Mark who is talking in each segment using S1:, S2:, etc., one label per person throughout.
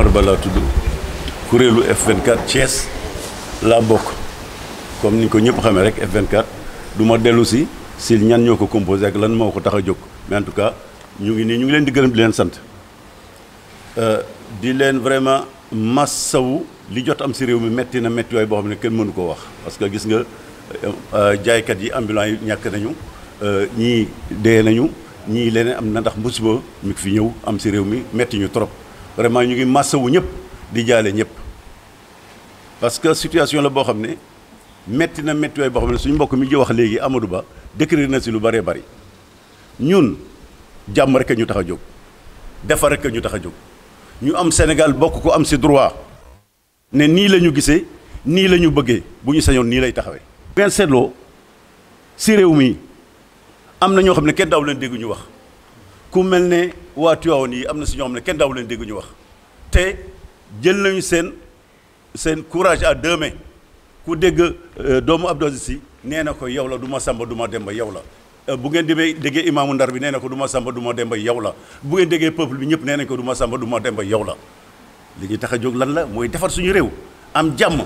S1: Omar Ba laa tudd kuréelu F24 Thiès laa bokk comme ni ko ñëpp xamee rek F24 du ma dellu si si ñan ñoo ko composé ak lan moo ko tax a jóg mais en ñu ngi nii ñu ngi leen di gërëm leen sant euh, di leen vraiment massawu li jot am si réew mi metti na metti waay boo xam ne kenn mënu koo wax parce que gis nga euh, jaaykat yi ambulants yi ñàkk nañu euh, ñii dee nañu ñii leneen am na ndax musiba mi fi ñëw am si réew mi metti ñu trop. vraiment ñu ngi massawu ñëpp di jaale ñëpp parce que situation la boo xam ne metti na méttiwaay boo xam ne suñu mbokk mi ji wax léegi Amadou Ba décrire na si lu bëree bëri ñun jàmm rek ñu tax a jóg defar rek ñu tax a jóg ñu am Sénégal bokk ko am si droit ne nii la ñu gisee nii la ñu bëggee bu ñu sañoon nii lay taxawee. ngeen seetloo si réew mi am na ñoo xam ne kenn daaw leen dégg ñu wax ku mel ne waa Tivaouane yi am na si ñoo xam ne kenn daaw leen dégg ñu wax. te jël nañu seen seen courage à deux mains ku dégg euh, doomu Abdou Aziz Sy nee na ko yow la duma ma samba du ma demba yow la euh, bu ngeen demee déggee imaamu ndar bi nee na ko duma ma samba du ma demba yow la bu ngeen déggee peuple ñëpp nee nañ ko du ma samba yow la li ñuy tax a jóg lan la mooy defar suñu réew am jàmm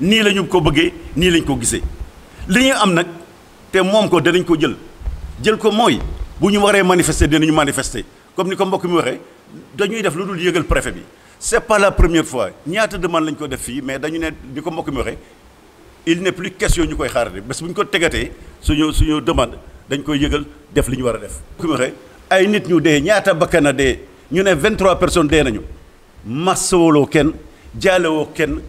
S1: nii lañu ko bëggee nii lañ ko gisee li ñu am nag te moom ko danañ ko jël jël ko mooy bu ñu waree manifester danañu manifester comme ni ko mbokk mu waxee dañuy def lu dul yégal préfet bi c'est pas la première fois ñaata demande lañ ko def fii mais dañu ne ni ko mbokk mi waxee il n'est plus question ñu koy xaarale bés bu ñu ko tegatee suñu suñu demande dañ koy yëgal def li ñu war a def. mbokk mi ay nit ñu dee ñaata bakkan a dee ñu ne 23 personnes dee nañu massawaloo kenn jaalewoo kenn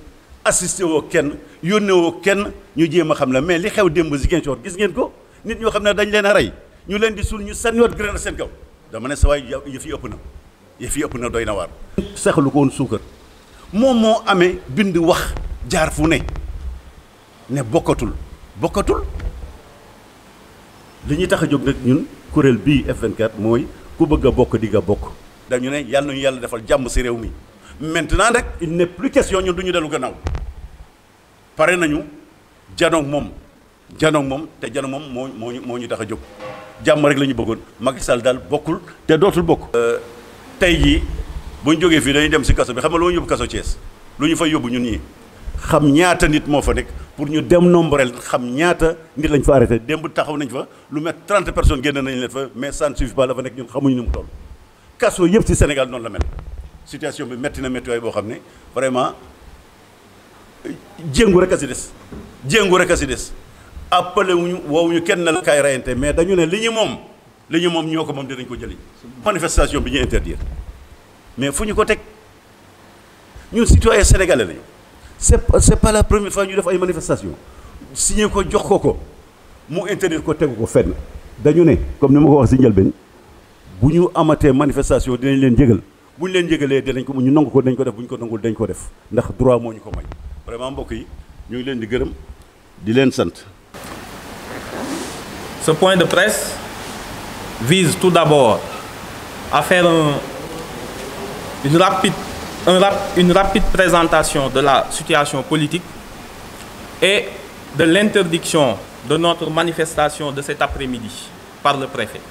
S1: assisté woo kenn yónnee woo kenn ñu jéem a xam la mais li xew démb Ziguinchor gis ngeen ko nit ñoo xam ne dañ leen a rey ñu leen di suul ñu sànniwaat grenade seen kaw dama ne sa waay yëf yi ëpp na. yëf na doy na waar. saxalu ko woon suukar moom moo amee bind wax jaar fu ne ne bokkatul bokkatul li ñuy tax a jóg nag ñun kuréel bii F24 mooy ku bëgg a bokk di bokk. dañu ne yàlla nañu yàlla defal jàmm si réew mi maintenant rek il n'est plus question ñun du ñu dellu gannaaw pare nañu janoog moom janoog moom te janoog moom moo moo ñu moo tax a jóg jàmm rek lañu bëggoon Macky Sall bokkul te dootul bokk. Euh, tey jii bu ñu jógee fii dañuy dem si kaso bi xam nga loo yóbbu kaso Thiès lu ñu fay yóbbu ñun ñii xam ñaata nit moo fa nekk pour ñu dem nombrel xam ñaata nit lañ fa arrêté démb taxaw nañ fa lu met 30 personnes génn nañ leen fa mais sant ne suffit pas la fa nekk ñun xamuñu nu mu toll. kaso yëpp si Sénégal noonu la mel situation bi métti na méttiwaay boo xam ne vraiment jéngu rek a si des jéngu rek a si des appelé wuñu woowuñu kenn na la kaay rayante mais dañu ne li ñu moom. li moom ñoo ko moom dinañ ko jëli manifestation bi ñu interdire mais fu ñu ko teg ñun citoyen sénégalais lañu c'est c'est pas la première fois ñu def ay manifestation signé ko jox ko ko mu interdire ko tegu ko fenn dañu ne comme ni ma ko wax si njëlbeen bu ñu amatee manifestation dinañ leen jégal bu ñu leen jégalee dinañ ko ñu nangu ko dañ ko def bu ñu ko nangul dañ ko def ndax droit moo ñu ko may vraiment bokk yi ñu ngi leen di gërëm di leen sant.
S2: ce point de presse. vise tout d'abord à faire un, une, rapide, une rapide présentation de la situation politique et de l'interdiction de notre manifestation de cet après-midi par le préfet.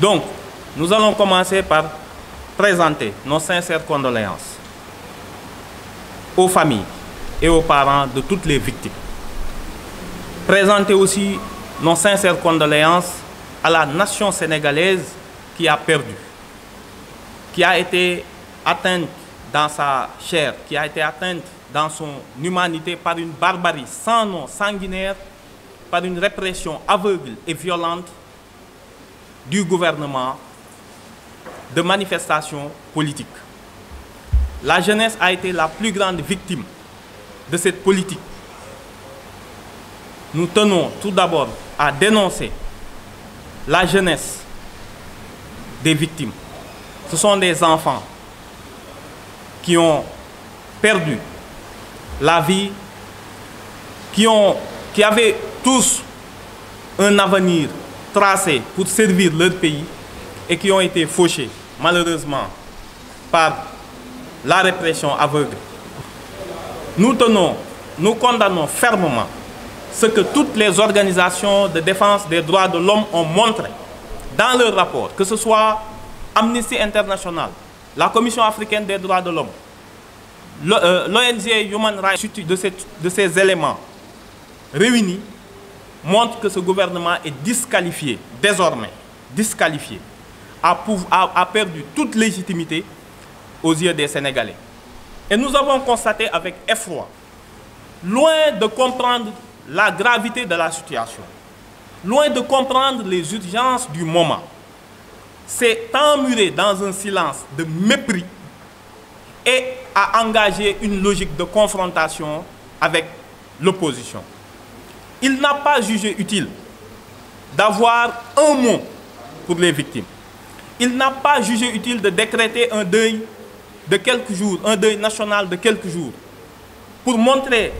S2: Donc, nous allons commencer par présenter nos sincères condoléances aux familles et aux parents de toutes les victimes. Présenter aussi nos sincères condoléances à la nation sénégalaise qui a perdu, qui a été atteinte dans sa chair, qui a été atteinte dans son humanité par une barbarie sans nom, sanguinaire, par une répression aveugle et violente du gouvernement de manifestations politiques. La jeunesse a été la plus grande victime de cette politique. Nous tenons tout d'abord à dénoncer la jeunesse des victimes, ce sont des enfants qui ont perdu la vie, qui, ont, qui avaient tous un avenir tracé pour servir leur pays et qui ont été fauchés, malheureusement, par la répression aveugle. Nous tenons, nous condamnons fermement ce que toutes les organisations de défense des droits de l'homme ont montré dans leur rapport, que ce soit Amnesty International, la Commission africaine des droits de l'homme, l'ONG euh, Human Rights de ces, de ces éléments réunis montre que ce gouvernement est disqualifié, désormais disqualifié, a, a, a perdu toute légitimité aux yeux des Sénégalais. Et nous avons constaté avec effroi, loin de comprendre la gravité de la situation, loin de comprendre les urgences du moment, s'est emmuré dans un silence de mépris et à engagé une logique de confrontation avec l'opposition. Il n'a pas jugé utile d'avoir un mot pour les victimes. Il n'a pas jugé utile de décréter un deuil de quelques jours, un deuil national de quelques jours, pour montrer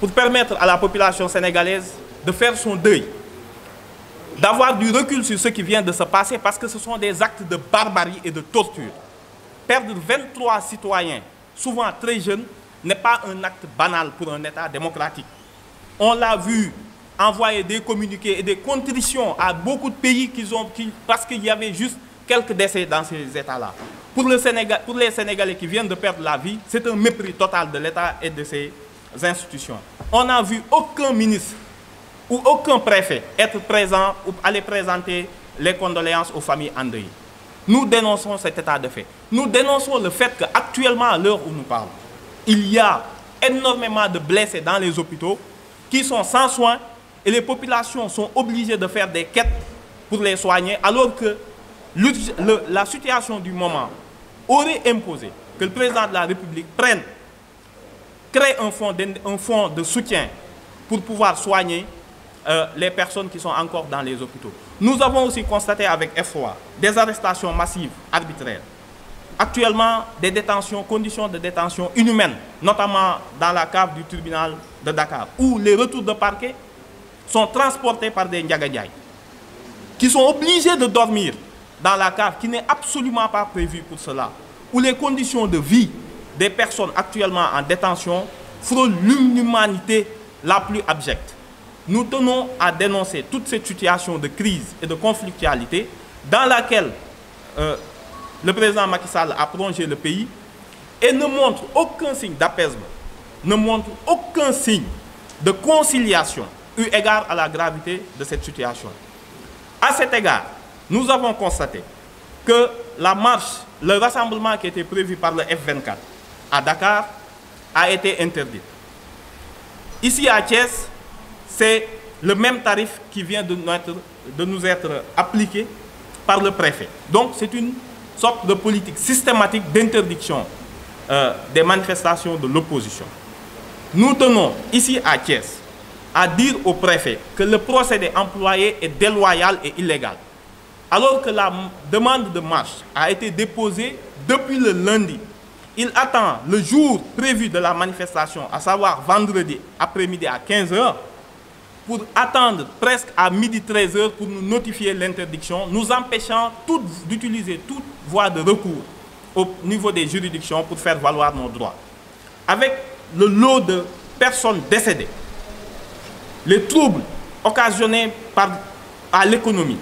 S2: pour permettre à la population sénégalaise de son deuil, d'avoir du recul sur ce de se parce que ce sont des actes de barbarie et de torture. Perdre 23 citoyens, souvent très jeunes, n'est pas un acte banal pour un État On l'a vu envoyer des communiqués des contritions à beaucoup de pays qui parce qu'il y avait juste quelques décès dans ces Pour, le Sénégal, les Sénégalais qui viennent de perdre la vie, c'est de l'État et de institutions. On n'a vu aucun ministre ou aucun préfet être présent ou aller présenter les condoléances aux familles endeuillées. Nous dénonçons cet état de fait. Nous dénonçons le fait qu'actuellement, à l'heure où nous parlons, il y a énormément de blessés dans les hôpitaux qui sont sans soins et les populations sont obligées de faire des quêtes pour les soigner alors que le, la situation du moment aurait imposé que le président de la République prenne créer un fonds de, un fonds de soutien pour pouvoir soigner euh, les personnes qui sont encore dans les hôpitaux. Nous avons aussi constaté avec FOA des arrestations massives, arbitraires. Actuellement, des détentions, conditions de détention inhumaines, notamment dans la cave du tribunal de Dakar, où les retours de parquet sont transportés par des Ndiagadiaï, qui sont obligés de dormir dans la cave qui n'est absolument pas prévue pour cela, où les conditions de vie des personnes actuellement en détention frôlent l'inhumanité la plus abjecte. Nous tenons à dénoncer toute cette situation de crise et de conflictualité dans laquelle euh, le président Macky Sall a plongé le pays et ne montre aucun signe d'apaisement, ne montre aucun signe de conciliation eu égard à la gravité de cette situation. À cet égard, nous avons constaté que la marche, le rassemblement qui était prévu par le F24 à Dakar a été interdite. Ici à Thiès, c'est le même tarif qui vient de, notre, de nous être appliqué par le préfet. Donc c'est une sorte de politique systématique d'interdiction euh, des manifestations de l'opposition. Nous tenons ici à Thiès à dire au préfet que le procédé employé est déloyal et illégal. Alors que la demande de marche a été déposée depuis le lundi il attend le jour prévu de la manifestation, à savoir vendredi après-midi à 15h, pour attendre presque à midi 13 pour nous notifier l'interdiction, nous empêchant d'utiliser toute voie de recours au niveau des juridictions pour faire valoir nos droits. Avec le lot de personnes décédées, les troubles occasionnés à l'économie,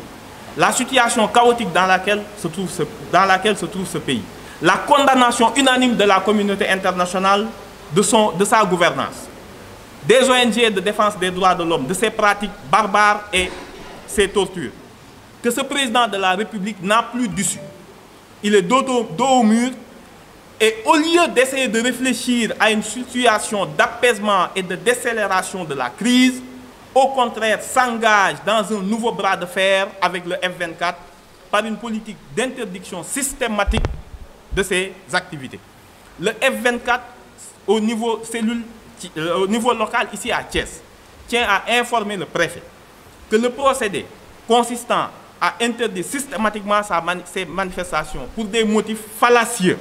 S2: la situation chaotique dans laquelle se trouve ce, dans laquelle se trouve ce pays, la condamnation unanime de la communauté internationale de, son, de sa gouvernance, des ONG de défense des droits de l'homme, de ses pratiques barbares et ses tortures. Que ce président de la République n'a plus d'issue. Il est dos, dos au et au lieu d'essayer de réfléchir à une situation d'apaisement et de décélération de la crise, au contraire s'engage dans un nouveau bras de fer avec le F-24 par une politique d'interdiction systématique de ses activités. Le F24, au niveau, cellule, euh, au niveau local, ici à Thiès, tient à informer le préfet que le procédé consistant à interdire systématiquement ces manifestations pour des motifs fallacieux,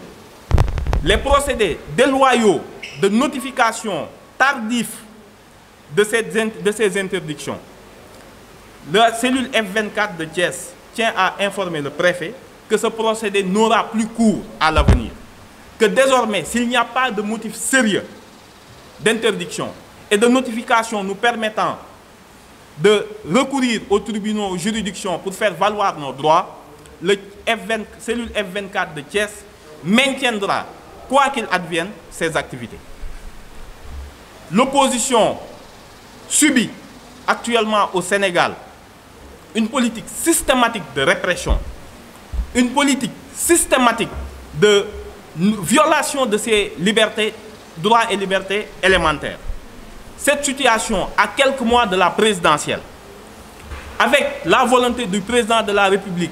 S2: les procédés déloyaux de notification tardive de ces, interdictions. La cellule F24 de Thiès tient à informer le préfet que ce procédé n'aura plus cours à l'avenir. Que désormais, s'il n'y a pas de motif sérieux d'interdiction et de notification nous permettant de recourir aux tribunaux, aux juridictions pour faire valoir nos droits, le F20, cellule F24 de Thiès maintiendra, quoi qu'il advienne, ses activités. L'opposition subit actuellement au Sénégal une politique systématique de répression une politique systématique de violation de ces libertés, droits et libertés élémentaires. Cette situation, à quelques mois de la présidentielle, avec la volonté du président de la République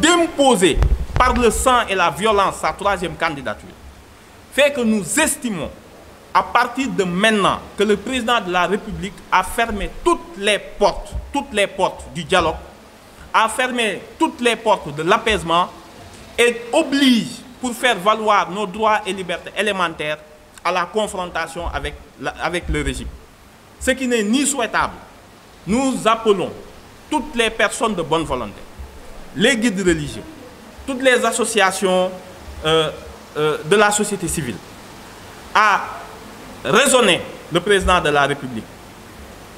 S2: d'imposer par le sang et la violence sa troisième candidature, fait que nous estimons à partir de maintenant que le président de la République a fermé toutes les portes, toutes les portes du dialogue à fermer toutes les portes de l'apaisement et oblige, pour faire valoir nos droits et libertés élémentaires, à la confrontation avec, avec le régime. Ce qui n'est ni souhaitable. Nous appelons toutes les personnes de bonne volonté, les guides religieux, toutes les associations euh, euh de la société civile à raisonner le président de la République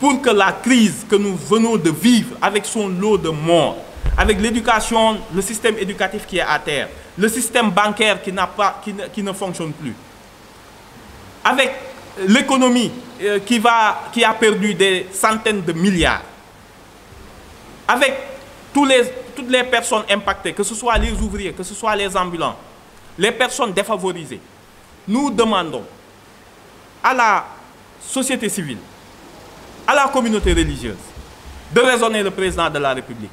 S2: pour que la crise que nous venons de vivre avec son lot de morts, avec l'éducation, le système éducatif qui est à terre, le système bancaire qui, pas, qui, ne, qui ne fonctionne plus, avec l'économie euh, qui, va, qui a perdu des centaines de milliards, avec tous les, toutes les personnes impactées, que ce soit les ouvriers, que ce soit les ambulants, les personnes défavorisées, nous demandons à la société civile à la communauté religieuse de raisonner le président de la République,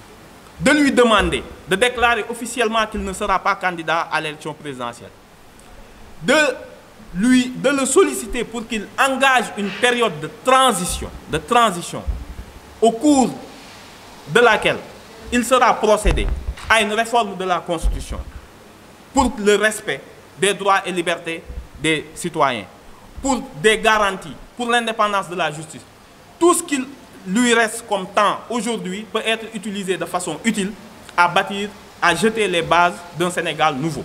S2: de lui demander de déclarer officiellement qu'il ne sera pas candidat à l'élection présidentielle, de, lui, de le solliciter pour qu'il engage une période de transition, de transition au cours de laquelle il sera procédé à une réforme de la Constitution pour le respect des droits et libertés des citoyens, pour des garanties, pour l'indépendance de la justice, tout ce qu'il lui reste comme temps aujourd'hui peut être utilisé de façon utile à bâtir, à jeter les bases d'un Sénégal nouveau.